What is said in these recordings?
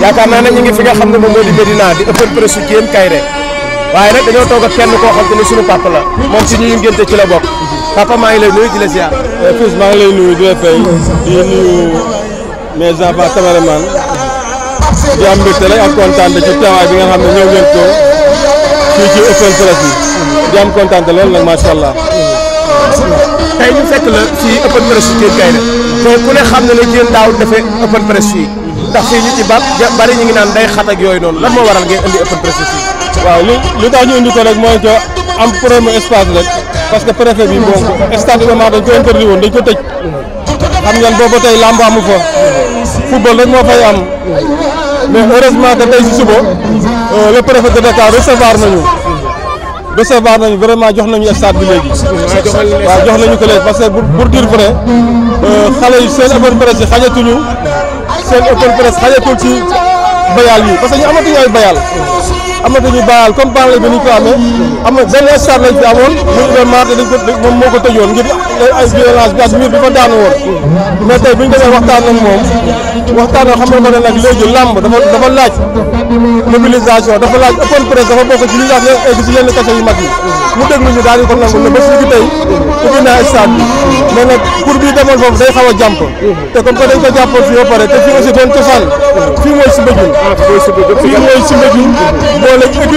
yaakaar naa ne ñu ngi fi nga xam ne moom moo di Medina di ëppal presse su Diène waaye nag dañoo toog ak kenn koo xam te ne suñu papa la moom si ñuy ngénte ci la bokk papa maa ngi lay nuyu di la ziar. Eh, di la fay di nuyu mes enfants cameraman di am mbégte rek ak kontaan ci teewaay bi nga xam ne ñëw ngeen ko fii ci open press yi di am kontaan lool nag macha allah. tey ñu fekk la ci open press yi te ku ne xam na ne Diène daaw dafay open press yi. ndax fii ñu ci ba bari ñu ngi naan day xat yooyu noonu lan moo waral ngeen indi open waaw li li tax ñu indi ko rek mooy que am problème espace rek parce que préfet bi moom stade Iba Mar dañ ko interdit woon dañ ko tëj. xam ngeen boobu tey làmb que tey si euh, Dakar recevoir nañu. recevoir nañu vraiment jox nañu stade bi léegi. waaw jox nañu ko léegi parce que pour dire vrai euh, xale yi seen open press xajatuñu. seen open presse xajatul ci bayal yi parce que ñu amatuñu ay bayal amatuñu bayal comme banlieue bi ni ñu ko amee am na benn star lañ fi te dañ ko moo ko tëjoon ngir ay violence gaz miir xam nga ne nag léegi dafa dafa laaj mobilisation dafa laaj open si yenn kese yu mag yi mu déglu ñu daal di ko nangu ne ba suñu tey ubbi naa stade bi nag pour bi demoon foofu day xaw a jàmp te comme ko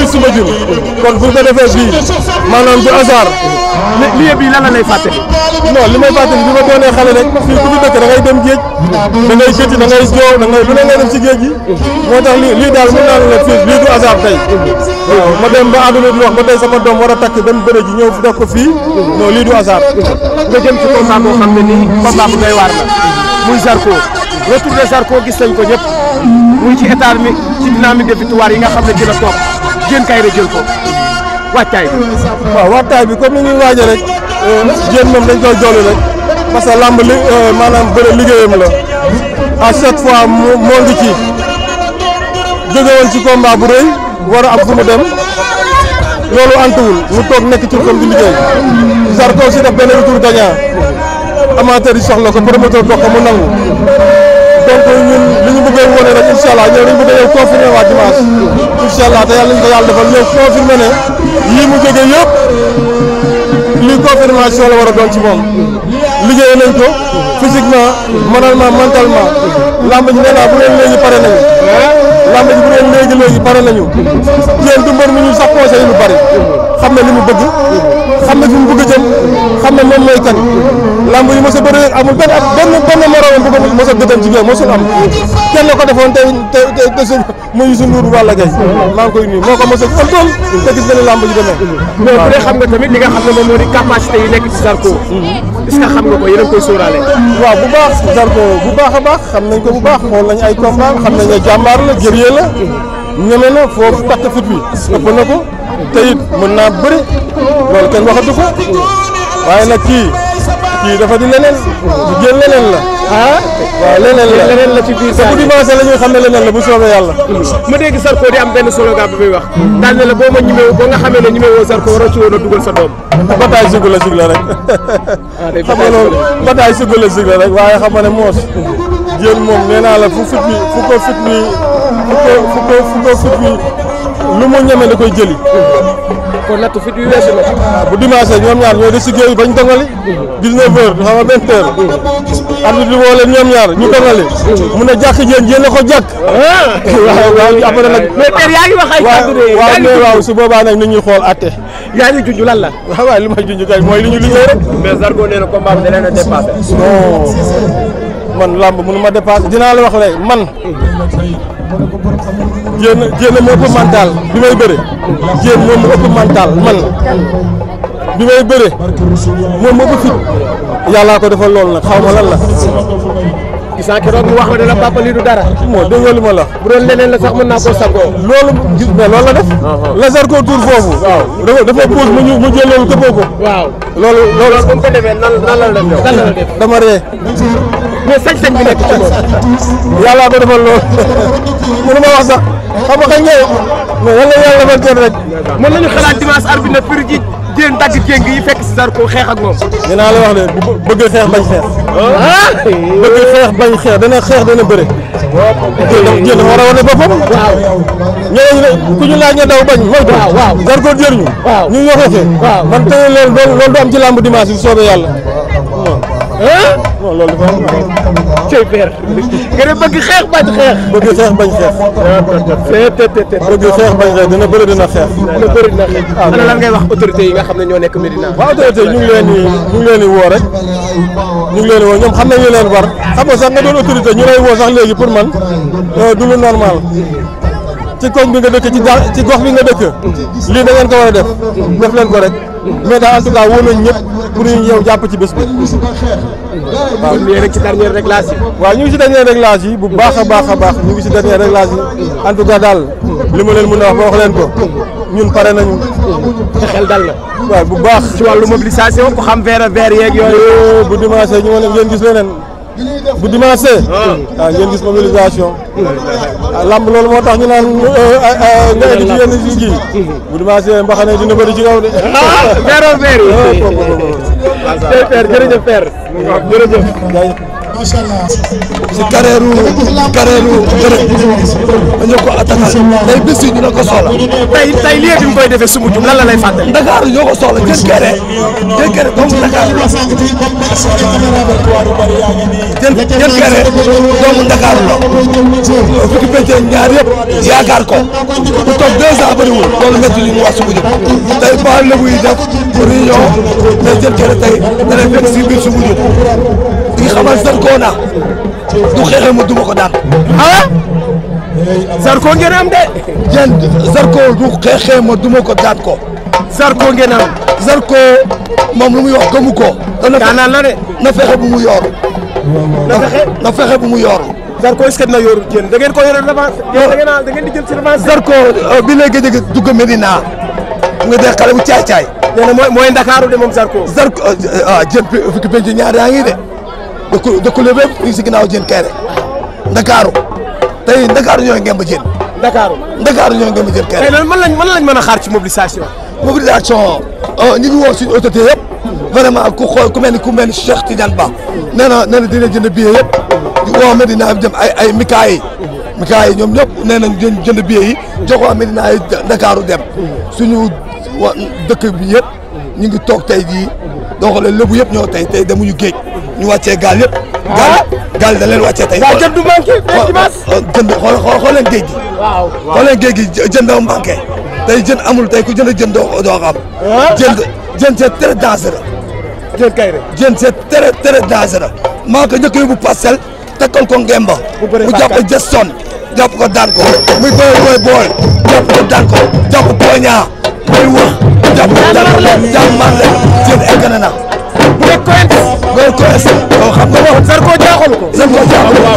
defee fii maanaam du hasard li lii bi lan la lay fàtte non li may fàttali bi ma doonee xale rek fii ku fi dëkk da ngay dem géej da ngay gétti da ngay joo da ngay lu ne ngay def ci géej gi moo tax lii lii daal mën naa la fii lii du hasard tey waaw ma dem ba àdduna di wax ba tey sama doom war a takk dem bëre ji ñëw def ko fii non lii du hasard nga jëm ci combat boo xam ne nii combat bu doy waar la muy Zarko retour de Zarko gis nañ ko ñëpp muy ci état mi ci dynamique de victoire yi nga xam ne dina toog jën kay rek Euh, jigéen moom dañ koy jolli rek parce que làmb li euh, maanaam bëre liggéeyam la a chaque fois moo ngi ci jógewoon ci combat bu rëy war a am fu mu dem loolu antuwul mu toog nekk ci comme di liggéey Zarko si def benn retour gagnant amateur yi soxla ko promoteur dox ko mu nangu donc ñun li ñu bëggee wone rek incha allah ñëw dañu bëgg a ñëw confirmé waa dimanche incha allah te yàlla nañu ko yàlla defal ñëw confirmé ne yii mu jógee yëpp. confirmation la war a doon ci moom liggéey nañ ko physiquement moralement mentalement lamb ji nee naa bu leen léegi pare nañu lamb ji bu leen léegi léegi pare nañu yéen du mbër mu ñu sax conseil lu bari xam na li mu bëgg xam na fi mu bëgg a jëm xam na moom mooy kan lamb yi mos a bëri amul benn benn benn moromam bu ko mos a gëtam ci géew mosul am kenn ko defoon tey tey tey mooy Youssou Ndour Balla Gaye maa ngi koy nuyu moo ko mos a ëntoon te demee mais bu dee xam nga tamit li nga xam ne moom moo di capacité yi nekk ci Zarko mm-hmm. est-ce que xam nga ko yéen a koy sóoraale waaw bu baax Zarko bu baax a baax xam nañ ko bu baax xool nañ ay combat xam nañ ne jàmbaar la guerrier la ñeme na foofu takk fit bi ëpp na ko te it mën naa bëri loolu kenn waxatu ko waaye nag kii kii dafa di leneen jigéen leneen la ah waaw leneen la leneen la ci biir saa yi bu dimanche la ñuy xam ne la bu soobee yàlla. ma dégg Sarko di am benn slogan bu muy wax. daan na la boo ma ñemewoo boo nga xamee ne ñemewoo Sarko war a ci woon a dugal sa doom. bataay sugu la sugu la rek. Ah, xam nga la sugu la rek waaye xam nga ne moos. jéem moom nee naa la fu fit mi fu ko fit lu mu ñeme da koy jëli. kon natt fit yu weesu la. Ah, bu dimanche ñoom ñaar ñoo des si géej bañ dongali. 19h xam nga 20h. arbitre bi woo leen ñoom ñaar ñu dongali. mun a jàkk jéen jéen la ko jàkk. Ah! waaw waaw après nag. mais père yaa ngi wax ay waaw mais boobaa nag nit ñu xool àtte. yaa ngi junj lan la. waaw waaw li may junj kay mooy li ñu liggéey rek. mais Zarko nee na combat a dépassé. non man làmb mënu ma dépassé dinaa la wax lay man. jéen jéen moo ëpp mental bi may bëre jéen moom mu ëpp mental man bi may bëre moom moo ëpp fit yàllaa ko defal loolu na xaw ma lan la. gis naa keroog mu wax ma ne la papa lii du dara. moo déggoo li la. bu leneen la sax mën naa koo sagoo. loolu gis mais loolu la def. Uh-huh. la Zarko tuur foofu. waaw dafa pause mu ñu mu jël loolu këppoo ko. waaw loolu loolu. bu ko defee nan nan la def. mais sañ bi nekk ci loolu yàlla ko defal loolu mënu ma wax sax xam nga xëy ñëw mais yàlla yàlla defal rek mën nañu xalaat dimanche arbitre na firi ji jéen dagg jéng yi fekk si Zarko xeex ak moom dinaa la wax de bëgg xeex bañ xeex ah! bëgg xeex bañ xeex dana xeex dana bëre jéen dafa war a wane boppam ñooñu ne ku ñu laaj nga daw bañ mooy ko Zarko jër ñu ñu ñoo xeexee man tey loolu loolu du am ci làmb yàlla non loolu dafa am cey père nga ne bëgg xeex bañ xeex. bëgg xeex bañ xeex. bëgg xeex bañ xeex dina bëri dina xeex. dina bëri dina xeex. ana lan ngay wax autorité yi nga xam ne ñoo nekk Medina. waaw autorité yi ñu ngi leen di ñu ngi leen di woo rek ñu ngi woo ñoom xam nañ ñu leen war xam nga sax nga doon autorité ñu lay woo sax léegi pour man du lu normal. ci koñ bi nga dëkk ci ci gox bi nga dëkk lii da ko war def def leen ko rek mais daal en tout nañ ñëpp pour ñu ñëw jàpp ci bés bi waaw ñu ngi rek ci dernier réglage yi waaw ñu ngi si dernier réglage yi bu baax a baax a baax ñu ngi si dernier réglage yi en tout cas daal li ma leen mun a wax leen ko ñun pare nañu te xel dal la waaw bu baax ci wàllu mobilisation ku xam vers vers yeeg yooyu bu dimanche ñu ma leen gis leneen bu dimanche. waaw ah, ngeen gis mobilisation. lamb loolu moo tax ñu naan eh, eh, eh, nga indi ci yenn si bu dimanche mbaxane dina bëri ci kaw de. ah gërëm père yi. waaw waaw macha allah si carrière carrière bërëb ba ñu ko attaqué tey bis yi ñu ne ko soxla. tey tey lii bi mu koy defee lay fàttali. Dakar ñoo ko soxla kere jën kere doomu Dakar la jën jën kere doomu Dakar la fukki peccee ñaar yëpp bu toog deux ans bëriwul loolu métti li mu wax sumu jub tey yi def pour ñu ñëw kere tey da lay fekk si biir xamal Zarko na du xeexee ma duma ko daan. ah. Zarko ngeen am de. yéen Zarko du xeexee ma duma ko daan ko. Zarko ngeen am. Zarko moom lu muy wax gëmu ko. daanaan la de na fexe bu mu yor. na fexe na bu mu yor. Zarko est-ce que dina yor yéen da ngeen ko yore revanche di jël ci revanche. Zarko euh, bi léegi dëgg dugg Medina nga dee xale bu caay caay. nee mooy mooy Ndakaaru de moom Zarko. Zarko euh, euh, ah jën fukki penc ñaar yaa ngi de. dëkku dëkku lépp mi ngi si ginnaaw Diène Kaïré Ndakaaru tey Ndakaaru ñoo ngemb Diène. Ndakaaru Ndakaaru ñoo ngemb Diène Kaïré. tey lan man lañ man lañ mën a xaar ci mobilisation. mobilisation euh, ñi ngi woo suñu autorité yëpp vraiment ku xool ku mel ni ku mel ni Cheikh Tidiane Ba nee na nee na dina jënd billet yëpp di woo Medina dem ay ay Mika yi Mika yi ñoom ñëpp nee nañ jënd jënd billet yi jox waa Medina yi Ndakaaru dem suñu dëkk bi yëpp ñu ngi toog tey jii doo xoolee lébu yëpp ñoo tey tey ñu géej ñu wàccee gaal yëpp. Ah. gaal gaal da leen wàccee tey. waaw jënd du manqué jënd xool xool leen tey jën amul tey ku jënd jën doo doo xam. Ah. jënd jën c'est très dangereux. jën kay rek jën c'est très très dangereux. maa ko njëkk bu parcelle takkal ko ngemba. bu bëree mu jàpp jës son jàpp ko daan muy booy booy booy jàpp ko daan ko jàpp ko ñaa jàmbaar leen jël egg na nag. bu dee Coence. loolu Coence. waaw xam nga wax Zarko jaaxalu ko. Zarko jaaxalu ko.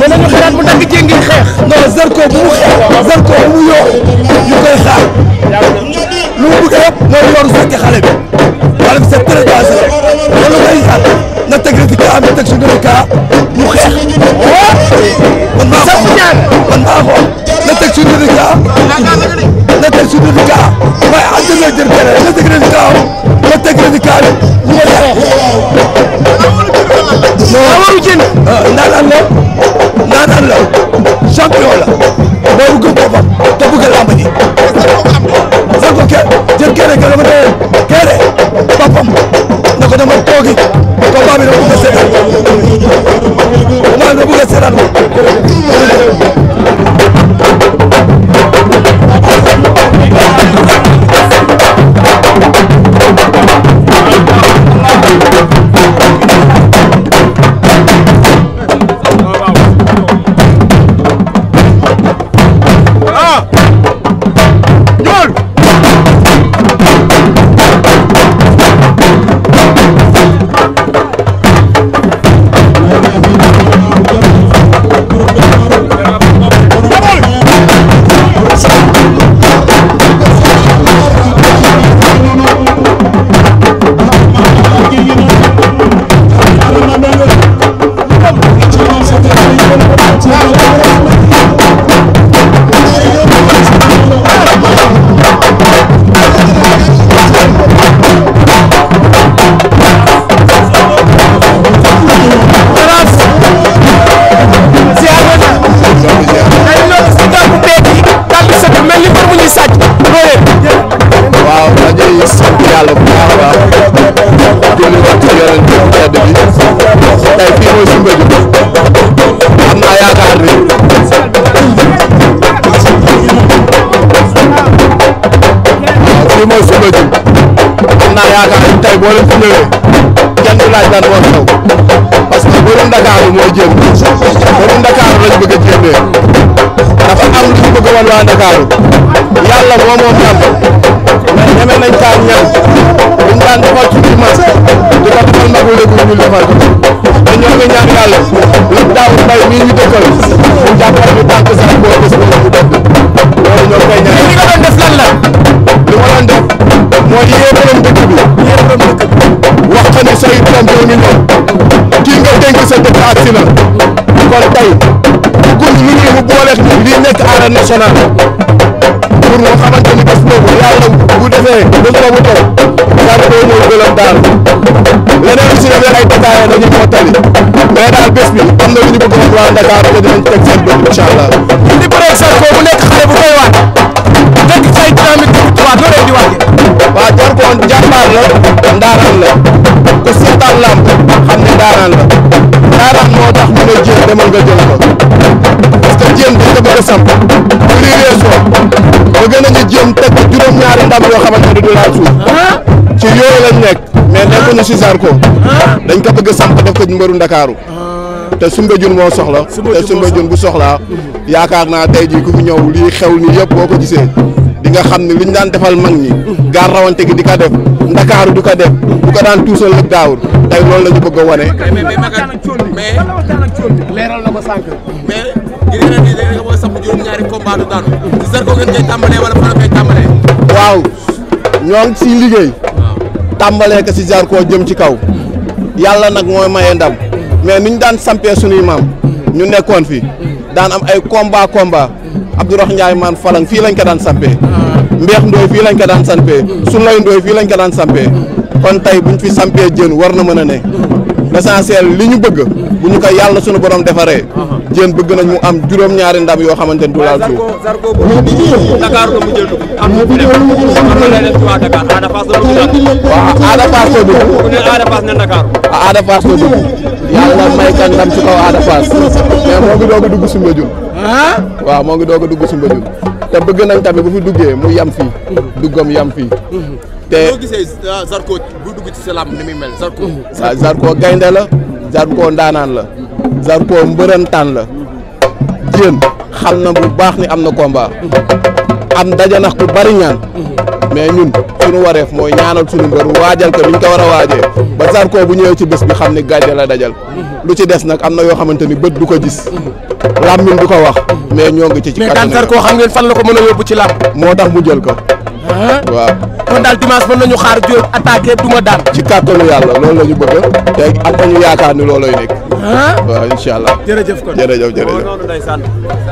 mën nañu xalaat bu dagg jéngi xeex. non Zarko bu mu xeex. Zarko bu mu yoo ñu koy xaar. lu mu bëgg yëpp loolu yoonu fekke xale bi. maanaam c'est très dangereux. loolu lay xaar na teg rek di kaa am na teg suñu kaa mu xeex. suñu bi kaa waaye am na jërëjëf beneen nga teg leen kaawam nga teg leen kaa bi mu ngi lay. daa waru jënd. ndax am na. naa yaakaar ne tey boo leen fi ñëwee kenn lan moo xew parce que borom Dakar moo jéem borom Dakar lañ bëgg a jéemee dafa am lu ñu bëgg waa Dakar yàlla moo moom ñam mais ñeme nañ kaa ñam buñ daan defal ci dimanche di ko defal magu léegi ñu defal ko te ñoo ngi ñaan yàlla lu daaw mbay mii ñu doom joo ngi noonu kii nga dénk sa dëkk ak si la kon tey bëgguñu lu ñu mu booleet ñu lii nekk arène nationale pour nga xamante ni bés boobu yàlla bu defee bés boobu tey saa doo ñëw daal leneen li si demee ay détails dañuy mottali mais daal bés bi am na lu ñu bëgg wax waa Ndakaaru te dinañ teg seen bët incha allah ko samp bu lii weesoo bëgg nañu jéem teg juróom-ñaari ndam yoo xamante ne du laal suuf ci yooyu lañ nekk mais nekkuñu si Zarko dañ ko bëgg samp def ko mbëru Ndakaaru te Soumbédioune moo soxla te Soumbédioune bu soxlaa yaakaar naa tey jii ku fi ñëw lii xew nii yëpp boo ko gisee di nga xam ne li ñu daan defal mag ñi gaar rawante gi di ko def Ndakaaru du ko def bu ko daan tuusal ak daawur tey loolu la ñu bëgg wane ngir yeneen yi da waaw ñoo ngi liggéey tàmbalee ko si Zarko jëm ci kaw yàlla nag mooy maye ndam mais ni ñu daan sampee suñuy maam ñu nekkoon fi daan am ay combat komba Abdourax njaay maan Falang fii lañ ko daan sampee ah. Mbeex Ndoy fii lañ ko daan sampee mm. Souley Ndoy fii lañ ko daan sampee mm. kon tey buñ fi sampee jën war na mën a ne mm. l'essentiel li ñu bëgg bu ñu ko yàlla sunu borom defaree. jéen bëgg nañ mu am juróom-ñaari ndam yoo xamante ni du laal suuf. Zarko Dakar ko dugg. am na am na dugg. waaw ah, yàlla may ka ndam ci kaw Ada Fass. moo ngi doog a dugg Sumba Jun. Ah? waaw moo ngi doog a dugg Sumba Jun. te bëgg nañ tamit bu fi duggee mu yam fii. Mhm. duggam yam fii. Mhm. te ah, Zarko gaynde la. Zarko ndaanaan la Zarko mbërëntaan la jéen xam na bu baax ni am na kombaa am daja nax ku bari ñaan mais ñun suñu wareef mooy ñaanal suñu mbër waajal ko biñ ko war a waajee ba Zarko bu ñëwee ci bés bi xam ni gàjja la dajal lu ci des nag am na yoo xamante ni bët du ko gis làmmiñ du ko wax mais ñoo ngi ci ci mais daan Zarko fan la ko mën a yóbbu ci làmb moo tax mu jël ko waaw kon daal dimanche mën nañu xaar Diop attaqué duma daan ci kàttanu yàlla loolu la ñu bëgg tey am nañu yaakaar ni loolu loolooy nekk ah. waaw incha allah jërëjëf kon jërëjëf jërëjëf